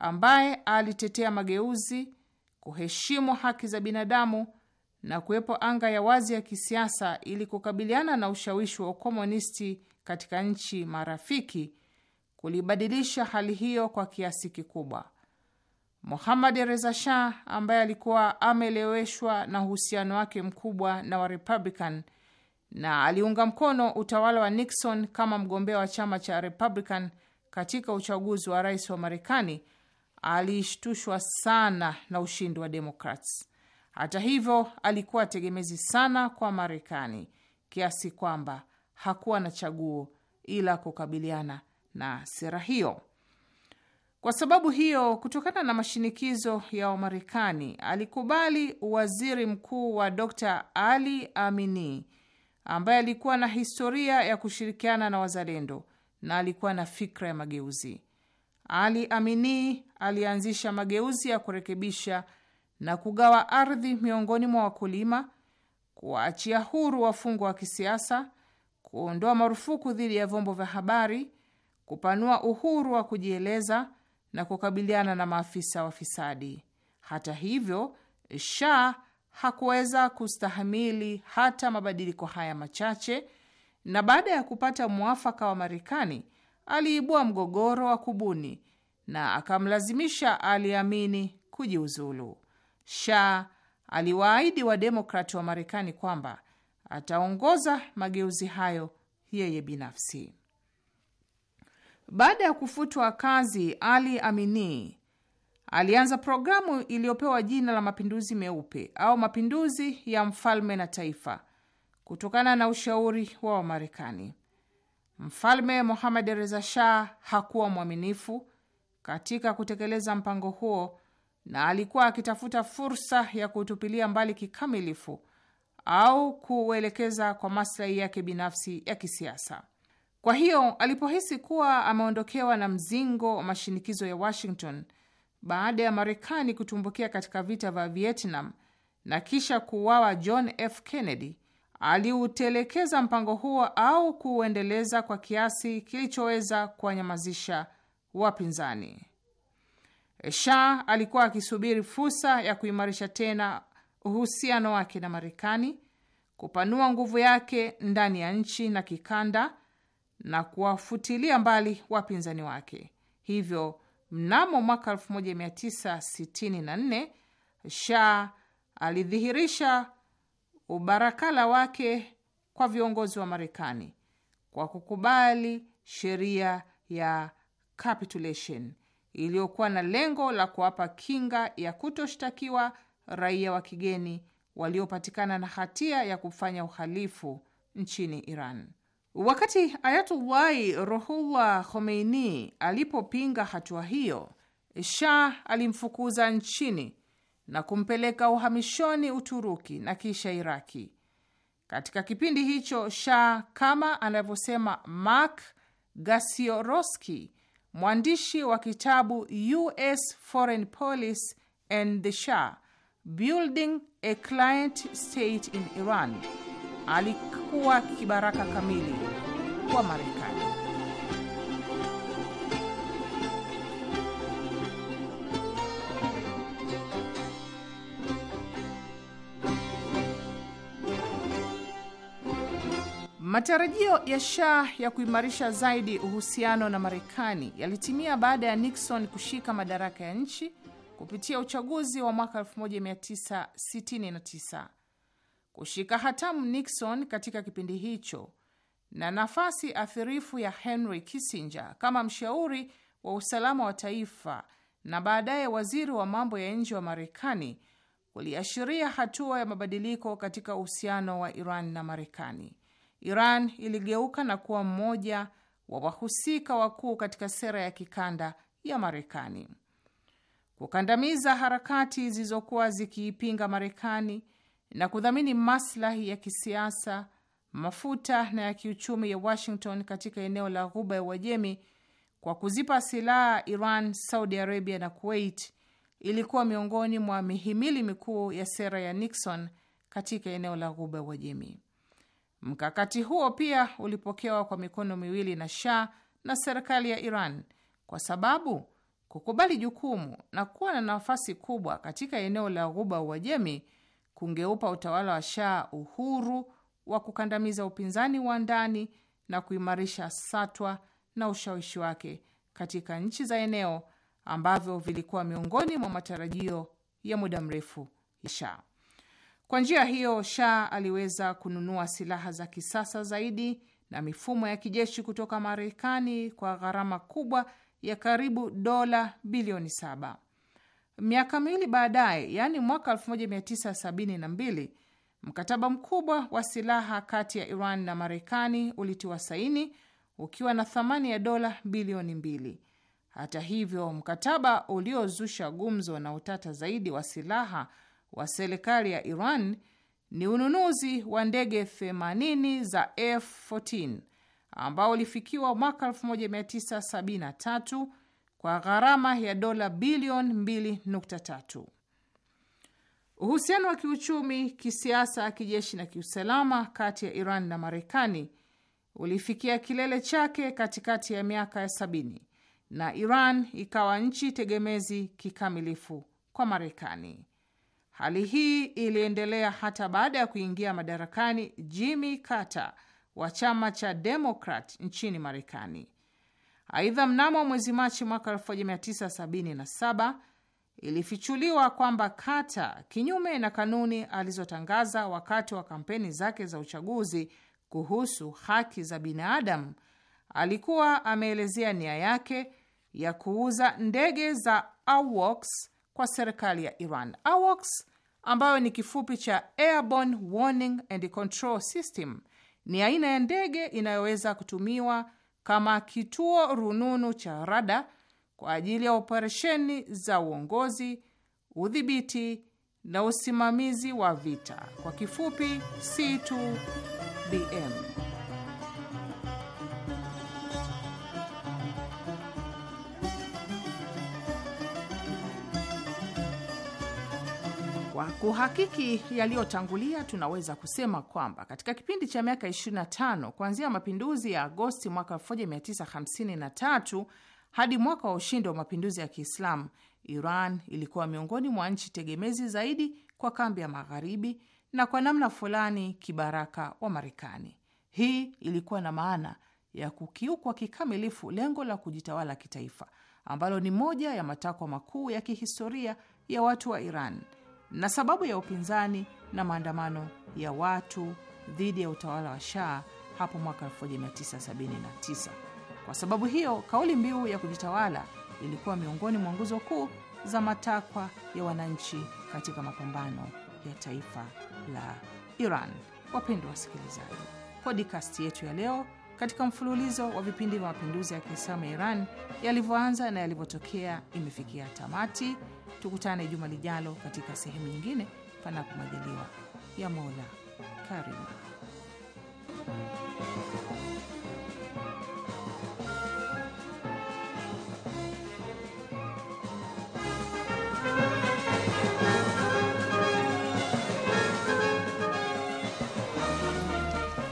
ambaye alitetea mageuzi, kuheshimu haki za binadamu na kuwepo anga ya wazi ya kisiasa ili kukabiliana na ushawishi wa ukomunisti katika nchi marafiki kulibadilisha hali hiyo kwa kiasi kikubwa. Muhammad Reza Shah ambaye alikuwa ameeleweshwa na uhusiano wake mkubwa na wa Republican na aliunga mkono utawala wa Nixon kama mgombea wa chama cha Republican katika uchaguzi wa rais wa Marekani alishtushwa sana na ushindi wa Democrats. Hata hivyo, alikuwa tegemezi sana kwa Marekani kiasi kwamba hakuwa na chaguo ila kukabiliana na sera hiyo. Kwa sababu hiyo, kutokana na mashinikizo ya Wamarekani, alikubali waziri mkuu wa Dr Ali Amini ambaye alikuwa na historia ya kushirikiana na wazalendo na alikuwa na fikra ya mageuzi. Ali Amini alianzisha mageuzi ya kurekebisha na kugawa ardhi miongoni mwa wakulima, kuwaachia huru wafungwa wa kisiasa, kuondoa marufuku dhidi ya vyombo vya habari, kupanua uhuru wa kujieleza na kukabiliana na maafisa wafisadi. Hata hivyo, Shah hakuweza kustahamili hata mabadiliko haya machache, na baada ya kupata mwafaka wa Marekani aliibua mgogoro wa kubuni na akamlazimisha Ali Amini kujiuzulu. Shah aliwaahidi wademokrati wa Marekani kwamba ataongoza mageuzi hayo yeye binafsi. Baada ya kufutwa kazi, Ali Amini alianza programu iliyopewa jina la mapinduzi meupe au mapinduzi ya mfalme na taifa kutokana na ushauri wa Wamarekani. Mfalme Mohamed Reza Shah hakuwa mwaminifu katika kutekeleza mpango huo na alikuwa akitafuta fursa ya kuutupilia mbali kikamilifu au kuuelekeza kwa maslahi yake binafsi ya kisiasa. Kwa hiyo alipohisi kuwa ameondokewa na mzingo wa mashinikizo ya Washington baada ya Marekani kutumbukia katika vita vya Vietnam na kisha kuuawa John F. Kennedy, aliutelekeza mpango huo au kuuendeleza kwa kiasi kilichoweza kuwanyamazisha wapinzani. Shah alikuwa akisubiri fursa ya kuimarisha tena uhusiano wake na Marekani, kupanua nguvu yake ndani ya nchi na kikanda na kuwafutilia mbali wapinzani wake. Hivyo mnamo mwaka 1964 Shah alidhihirisha ubarakala wake kwa viongozi wa Marekani kwa kukubali sheria ya capitulation iliyokuwa na lengo la kuwapa kinga ya kutoshtakiwa raia wa kigeni waliopatikana na hatia ya kufanya uhalifu nchini Iran. Wakati Ayatullahi Ruhullah Khomeini alipopinga hatua hiyo, Shah alimfukuza nchini na kumpeleka uhamishoni Uturuki na kisha Iraki. Katika kipindi hicho, Shah kama anavyosema Mark Gasiorowski, mwandishi wa kitabu US Foreign Policy and the Shah Building a Client State in Iran alikuwa kibaraka kamili wa Marekani. Matarajio ya Shah ya kuimarisha zaidi uhusiano na Marekani yalitimia baada ya Nixon kushika madaraka ya nchi kupitia uchaguzi wa mwaka 1969. Kushika hatamu Nixon katika kipindi hicho na nafasi athirifu ya Henry Kissinger kama mshauri wa usalama wa taifa na baadaye waziri wa mambo ya nje wa Marekani kuliashiria hatua ya mabadiliko katika uhusiano wa Iran na Marekani. Iran iligeuka na kuwa mmoja wa wahusika wakuu katika sera ya kikanda ya Marekani. Kukandamiza harakati zilizokuwa zikiipinga Marekani na kudhamini maslahi ya kisiasa, mafuta na ya kiuchumi ya Washington katika eneo la Ghuba ya Uajemi kwa kuzipa silaha Iran, Saudi Arabia na Kuwait ilikuwa miongoni mwa mihimili mikuu ya sera ya Nixon katika eneo la Ghuba ya Uajemi. Mkakati huo pia ulipokewa kwa mikono miwili na Shah na serikali ya Iran kwa sababu kukubali jukumu na kuwa na nafasi kubwa katika eneo la Ghuba Uajemi kungeupa utawala wa Shah uhuru wa kukandamiza upinzani wa ndani na kuimarisha satwa na ushawishi wake katika nchi za eneo ambavyo vilikuwa miongoni mwa matarajio ya muda mrefu ya Shah. Kwa njia hiyo, Shah aliweza kununua silaha za kisasa zaidi na mifumo ya kijeshi kutoka Marekani kwa gharama kubwa ya karibu dola bilioni saba. Miaka miwili baadaye, yaani mwaka 1972, mkataba mkubwa wa silaha kati ya Iran na Marekani ulitiwa saini ukiwa na thamani ya dola bilioni mbili. Hata hivyo, mkataba uliozusha gumzo na utata zaidi wa silaha wa serikali ya Iran ni ununuzi wa ndege 80 za F14 ambao ulifikiwa mwaka 1973 kwa gharama ya dola bilioni 2.3. Uhusiano wa kiuchumi, kisiasa, kijeshi na kiusalama kati ya Iran na Marekani ulifikia kilele chake katikati ya miaka ya sabini na Iran ikawa nchi tegemezi kikamilifu kwa Marekani. Hali hii iliendelea hata baada ya kuingia madarakani Jimmy Carter wa chama cha demokrat nchini Marekani. Aidha, mnamo mwezi Machi mwaka 1977 ilifichuliwa kwamba kata kinyume na kanuni alizotangaza wakati wa kampeni zake za uchaguzi kuhusu haki za binadamu, alikuwa ameelezea nia yake ya kuuza ndege za AWACS kwa serikali ya Iran. AWACS ambayo ni kifupi cha Airborne Warning and Control System, ni aina ya ndege inayoweza kutumiwa kama kituo rununu cha rada kwa ajili ya operesheni za uongozi, udhibiti na usimamizi wa vita, kwa kifupi C2BM. Kuhakiki yaliyotangulia, tunaweza kusema kwamba katika kipindi cha miaka 25 kuanzia mapinduzi ya Agosti mwaka 1953 hadi mwaka wa ushindi wa mapinduzi ya Kiislamu, Iran ilikuwa miongoni mwa nchi tegemezi zaidi kwa kambi ya Magharibi na kwa namna fulani kibaraka wa Marekani. Hii ilikuwa na maana ya kukiukwa kikamilifu lengo la kujitawala kitaifa ambalo ni moja ya matakwa makuu ya kihistoria ya watu wa Iran na sababu ya upinzani na maandamano ya watu dhidi ya utawala wa Shah hapo mwaka 1979. Kwa sababu hiyo, kauli mbiu ya kujitawala ilikuwa miongoni mwa nguzo kuu za matakwa ya wananchi katika mapambano ya taifa la Iran. Wapendwa wasikilizaji, podcast yetu ya leo katika mfululizo wa vipindi vya mapinduzi ya Kiislamu ya Iran yalivyoanza na yalivyotokea imefikia tamati. Tukutane juma lijalo katika sehemu nyingine, panapo majaliwa ya Mola karibu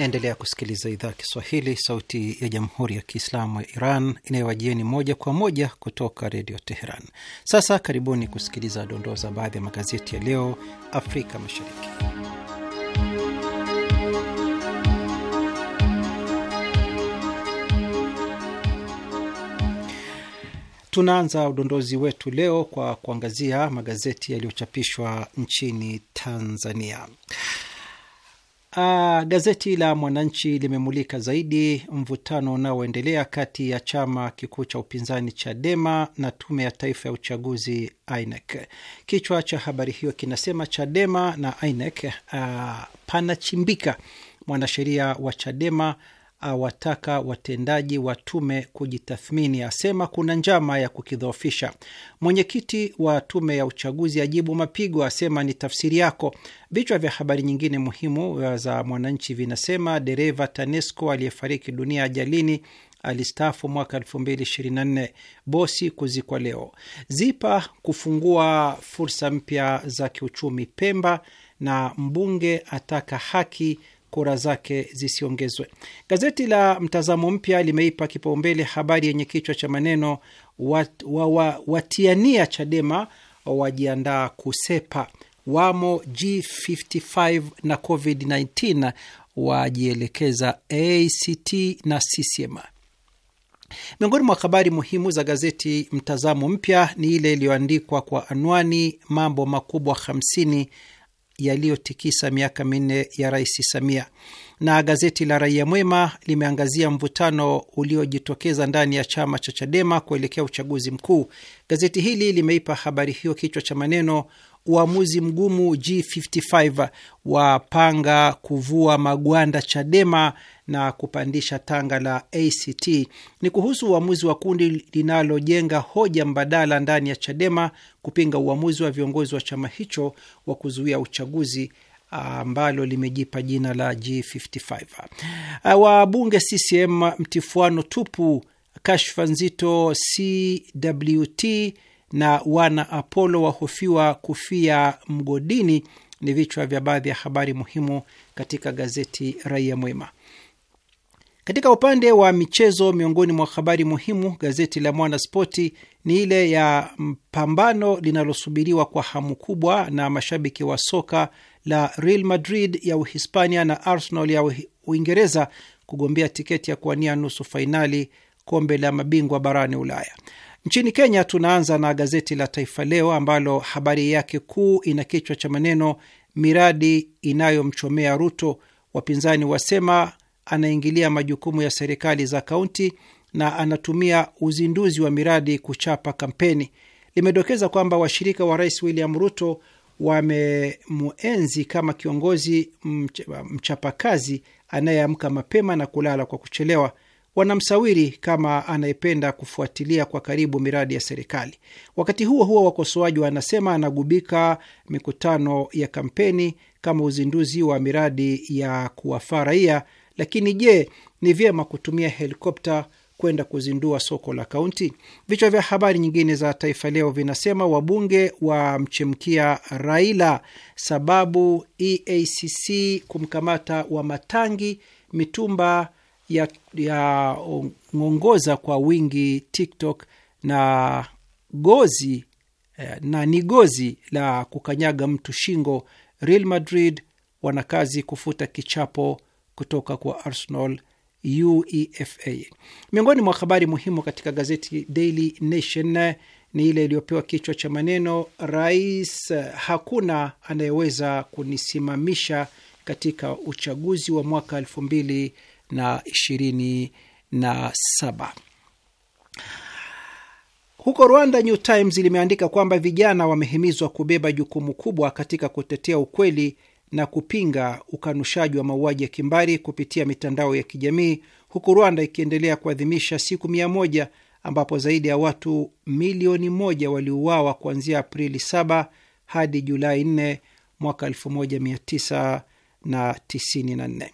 Naendelea kusikiliza idhaa ya Kiswahili, sauti ya jamhuri ya kiislamu ya Iran inayowajieni moja kwa moja kutoka redio Teheran. Sasa karibuni kusikiliza dondoo za baadhi ya magazeti ya leo Afrika Mashariki. Tunaanza udondozi wetu leo kwa kuangazia magazeti yaliyochapishwa nchini Tanzania. Uh, gazeti la Mwananchi limemulika zaidi mvutano unaoendelea kati ya chama kikuu cha upinzani Chadema na tume ya taifa ya uchaguzi INEC. Kichwa cha habari hiyo kinasema Chadema na INEC uh, panachimbika. Mwanasheria wa Chadema awataka watendaji wa tume kujitathmini, asema kuna njama ya kukidhoofisha. Mwenyekiti wa tume ya uchaguzi ajibu mapigo, asema ni tafsiri yako. Vichwa vya habari nyingine muhimu za Mwananchi vinasema dereva TANESCO aliyefariki dunia ajalini alistaafu mwaka 2024. Bosi kuzikwa leo. Zipa kufungua fursa mpya za kiuchumi Pemba, na mbunge ataka haki kura zake zisiongezwe. Gazeti la Mtazamo Mpya limeipa kipaumbele habari yenye kichwa cha maneno wat, wa, wa, watiania Chadema wajiandaa kusepa, wamo G55 na COVID-19 wajielekeza ACT na CCM. Miongoni mwa habari muhimu za gazeti Mtazamo Mpya ni ile iliyoandikwa kwa anwani mambo makubwa yaliyotikisa miaka minne ya Rais Samia. Na gazeti la Raia Mwema limeangazia mvutano uliojitokeza ndani ya chama cha Chadema kuelekea uchaguzi mkuu. Gazeti hili limeipa habari hiyo kichwa cha maneno Uamuzi mgumu G55 wapanga kuvua magwanda Chadema na kupandisha tanga la ACT ni kuhusu uamuzi wa kundi linalojenga hoja mbadala ndani ya Chadema kupinga uamuzi wa viongozi wa chama hicho wa kuzuia uchaguzi ah, ambalo limejipa jina la G55. Ah, wabunge CCM mtifuano tupu, kashfa nzito CWT na wana Apollo wahofiwa kufia mgodini ni vichwa vya baadhi ya habari muhimu katika gazeti Raia Mwema. Katika upande wa michezo, miongoni mwa habari muhimu gazeti la Mwanaspoti ni ile ya pambano linalosubiriwa kwa hamu kubwa na mashabiki wa soka la Real Madrid ya Uhispania na Arsenal ya Uingereza kugombea tiketi ya kuwania nusu fainali kombe la mabingwa barani Ulaya. Nchini Kenya tunaanza na gazeti la Taifa Leo ambalo habari yake kuu ina kichwa cha maneno miradi inayomchomea Ruto, wapinzani wasema anaingilia majukumu ya serikali za kaunti na anatumia uzinduzi wa miradi kuchapa kampeni. Limedokeza kwamba washirika wa rais William Ruto wamemuenzi kama kiongozi mchapakazi anayeamka mapema na kulala kwa kuchelewa. Wanamsawiri kama anayependa kufuatilia kwa karibu miradi ya serikali. Wakati huo huo, wakosoaji wanasema anagubika mikutano ya kampeni kama uzinduzi wa miradi ya kuwafaa raia lakini je, ni vyema kutumia helikopta kwenda kuzindua soko la kaunti? Vichwa vya habari nyingine za Taifa Leo vinasema wabunge wamchemkia Raila sababu EACC kumkamata wa matangi mitumba ya, ya ng'ongoza kwa wingi TikTok na gozi eh, na ni gozi la kukanyaga mtu shingo. Real Madrid wanakazi kufuta kichapo kutoka kwa Arsenal UEFA. Miongoni mwa habari muhimu katika gazeti Daily Nation ni ile iliyopewa kichwa cha maneno Rais, hakuna anayeweza kunisimamisha katika uchaguzi wa mwaka elfu mbili na ishirini na saba. Huko Rwanda, New Times limeandika kwamba vijana wamehimizwa kubeba jukumu kubwa katika kutetea ukweli na kupinga ukanushaji wa mauaji ya kimbari kupitia mitandao ya kijamii, huku Rwanda ikiendelea kuadhimisha siku mia moja ambapo zaidi ya watu milioni moja waliuawa kuanzia Aprili 7 hadi Julai 4 mwaka 1994.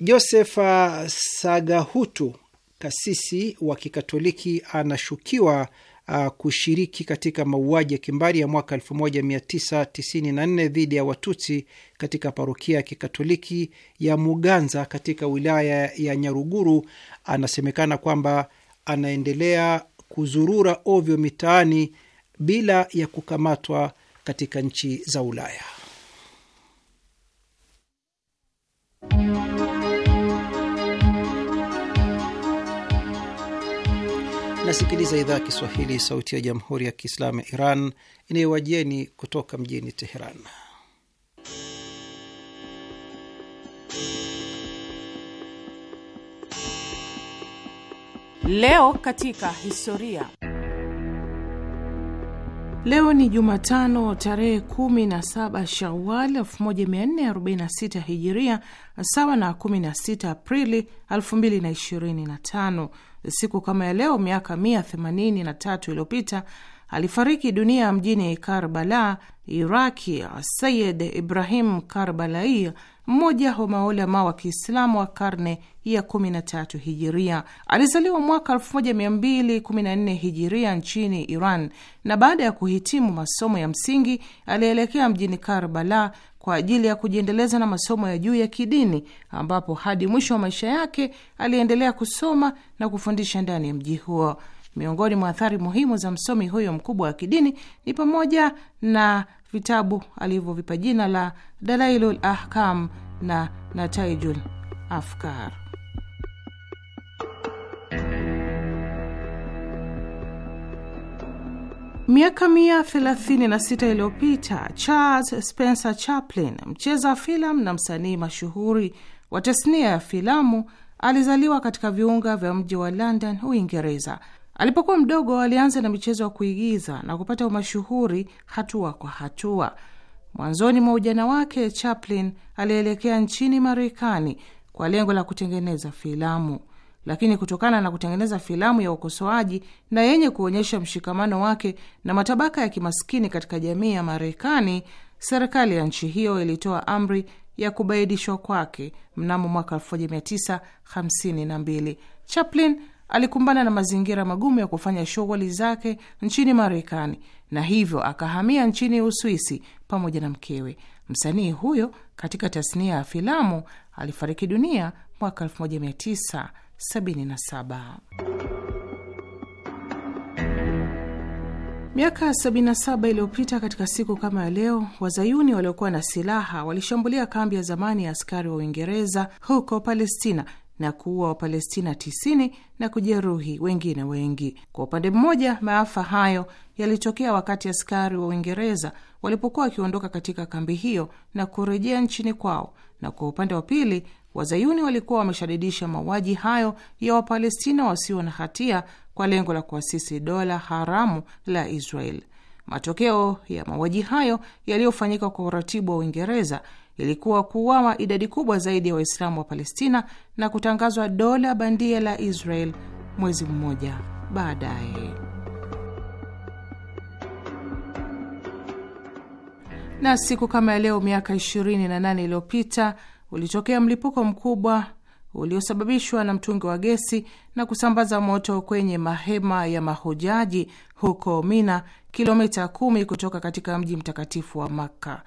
Joseph Sagahutu, kasisi wa Kikatoliki, anashukiwa uh, kushiriki katika mauaji ya kimbari ya mwaka 1994 dhidi ya Watutsi katika parokia ya kikatoliki ya Muganza katika wilaya ya Nyaruguru, anasemekana kwamba anaendelea kuzurura ovyo mitaani bila ya kukamatwa katika nchi za Ulaya. Nasikiliza idhaa ya Kiswahili, sauti ya jamhuri ya kiislamu ya Iran inayowajieni kutoka mjini Teheran. Leo katika historia. Leo ni Jumatano tarehe 17 Shawal 1446 Hijiria, sawa na 16 Aprili 2025 siku kama ya leo miaka mia themanini na tatu iliyopita alifariki dunia mjini Karbala, Iraki, Sayid Ibrahim Karbalai, mmoja wa maulama wa Kiislamu wa karne ya 13 hijiria. Alizaliwa mwaka 1214 hijiria nchini Iran, na baada ya kuhitimu masomo ya msingi alielekea mjini Karbala kwa ajili ya kujiendeleza na masomo ya juu ya kidini, ambapo hadi mwisho wa maisha yake aliendelea kusoma na kufundisha ndani ya mji huo. Miongoni mwa athari muhimu za msomi huyo mkubwa wa kidini ni pamoja na vitabu alivyovipa jina la Dalailul Ahkam na Nataijul Afkar. Miaka mia 36 iliyopita Charles Spencer Chaplin, mcheza filamu na msanii mashuhuri wa tasnia ya filamu, alizaliwa katika viunga vya mji wa London, Uingereza. Alipokuwa mdogo, alianza na michezo ya kuigiza na kupata umashuhuri hatua kwa hatua. Mwanzoni mwa ujana wake, Chaplin alielekea nchini Marekani kwa lengo la kutengeneza filamu lakini kutokana na kutengeneza filamu ya ukosoaji na yenye kuonyesha mshikamano wake na matabaka ya kimaskini katika jamii ya Marekani, serikali ya nchi hiyo ilitoa amri ya kubaidishwa kwake mnamo mwaka 1952. Chaplin alikumbana na mazingira magumu ya kufanya shughuli zake nchini Marekani na hivyo akahamia nchini Uswisi pamoja na mkewe. Msanii huyo katika tasnia ya filamu alifariki dunia mwaka 19 77. Miaka 77 iliyopita katika siku kama ya leo, wazayuni waliokuwa na silaha walishambulia kambi ya zamani ya askari wa Uingereza huko Palestina na kuua Wapalestina 90 na kujeruhi wengine wengi. Kwa upande mmoja, maafa hayo yalitokea wakati askari wa Uingereza walipokuwa wakiondoka katika kambi hiyo na kurejea nchini kwao, na kwa upande wa pili Wazayuni walikuwa wameshadidisha mauaji hayo ya Wapalestina wasio na hatia kwa lengo la kuasisi dola haramu la Israel. Matokeo ya mauaji hayo yaliyofanyika kwa uratibu wa Uingereza ilikuwa kuuawa idadi kubwa zaidi ya wa Waislamu wa Palestina na kutangazwa dola bandia la Israel mwezi mmoja baadaye. Na siku kama ya leo miaka 28 iliyopita ulitokea mlipuko mkubwa uliosababishwa na mtungi wa gesi na kusambaza moto kwenye mahema ya mahujaji huko Mina, kilomita kumi kutoka katika mji mtakatifu wa Makka.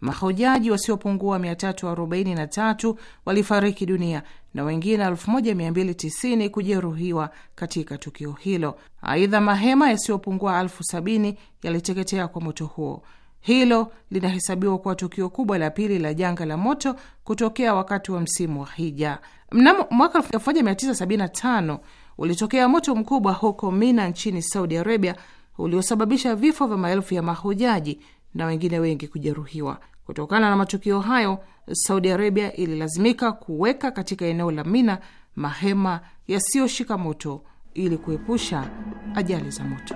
Mahujaji wasiopungua 343 walifariki dunia na wengine 1290 kujeruhiwa katika tukio hilo. Aidha, mahema yasiyopungua elfu sabini yaliteketea kwa moto huo. Hilo linahesabiwa kuwa tukio kubwa la pili la janga la moto kutokea wakati wa msimu wa hija. Mnamo mwaka 1975 ulitokea moto mkubwa huko Mina nchini Saudi Arabia uliosababisha vifo vya maelfu ya mahujaji na wengine wengi kujeruhiwa. Kutokana na matukio hayo, Saudi Arabia ililazimika kuweka katika eneo la Mina mahema yasiyoshika moto ili kuepusha ajali za moto.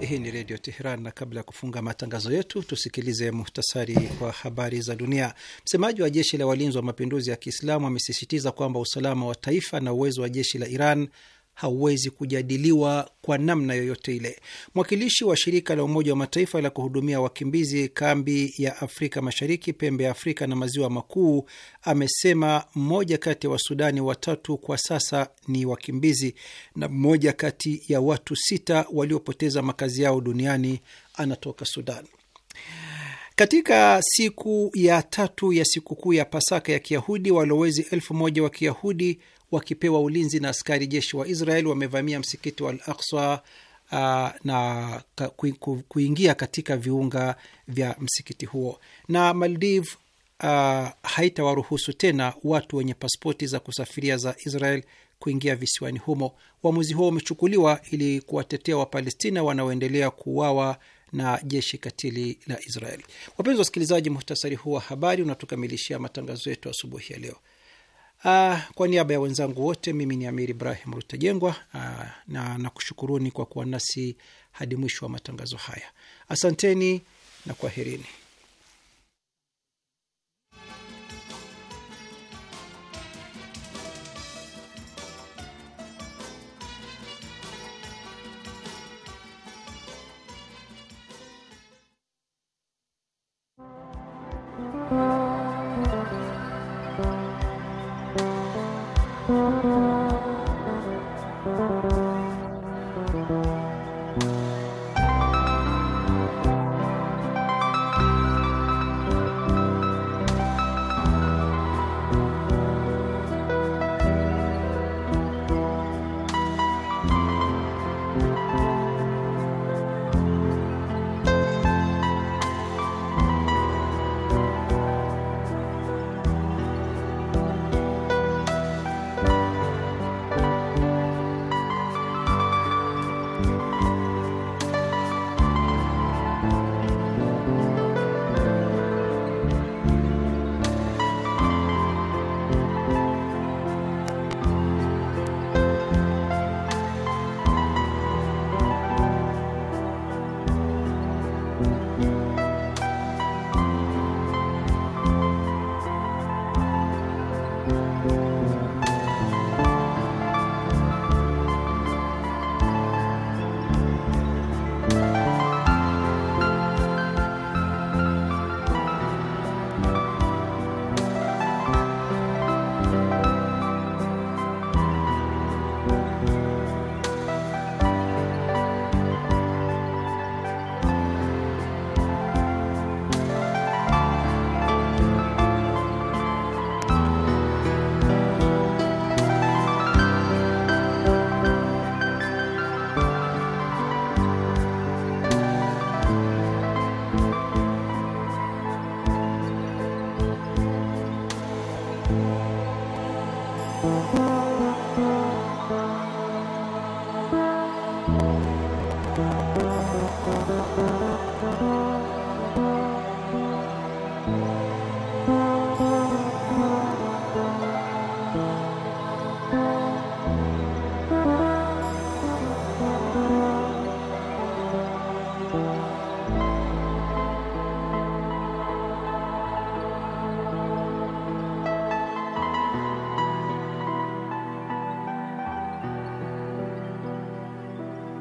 Hii ni Redio Teheran, na kabla ya kufunga matangazo yetu tusikilize muhtasari wa habari za dunia. Msemaji wa jeshi la walinzi wa mapinduzi ya Kiislamu amesisitiza kwamba usalama wa taifa na uwezo wa jeshi la Iran hauwezi kujadiliwa kwa namna yoyote ile. Mwakilishi wa shirika la Umoja wa Mataifa la kuhudumia wakimbizi kambi ya Afrika Mashariki, pembe ya Afrika na maziwa makuu amesema mmoja kati ya Wasudani watatu kwa sasa ni wakimbizi na mmoja kati ya watu sita waliopoteza makazi yao duniani anatoka Sudan. Katika siku ya tatu ya sikukuu ya Pasaka ya Kiyahudi, walowezi elfu moja wa Kiyahudi wakipewa ulinzi na askari jeshi wa Israel wamevamia msikiti wa Al Aksa uh, na kuingia katika viunga vya msikiti huo. Na Maldiv uh, haitawaruhusu tena watu wenye paspoti za kusafiria za Israel kuingia visiwani humo. Uamuzi huo umechukuliwa ili kuwatetea Wapalestina wanaoendelea kuuawa na jeshi katili la Israeli. Wapenzi wasikilizaji, muhtasari huu wa habari unatukamilishia matangazo yetu asubuhi ya leo. Uh, kwa niaba ya wenzangu wote mimi ni Amir Ibrahim Rutajengwa ah, na nakushukuruni kwa kuwa nasi hadi mwisho wa matangazo haya. Asanteni na kwaherini.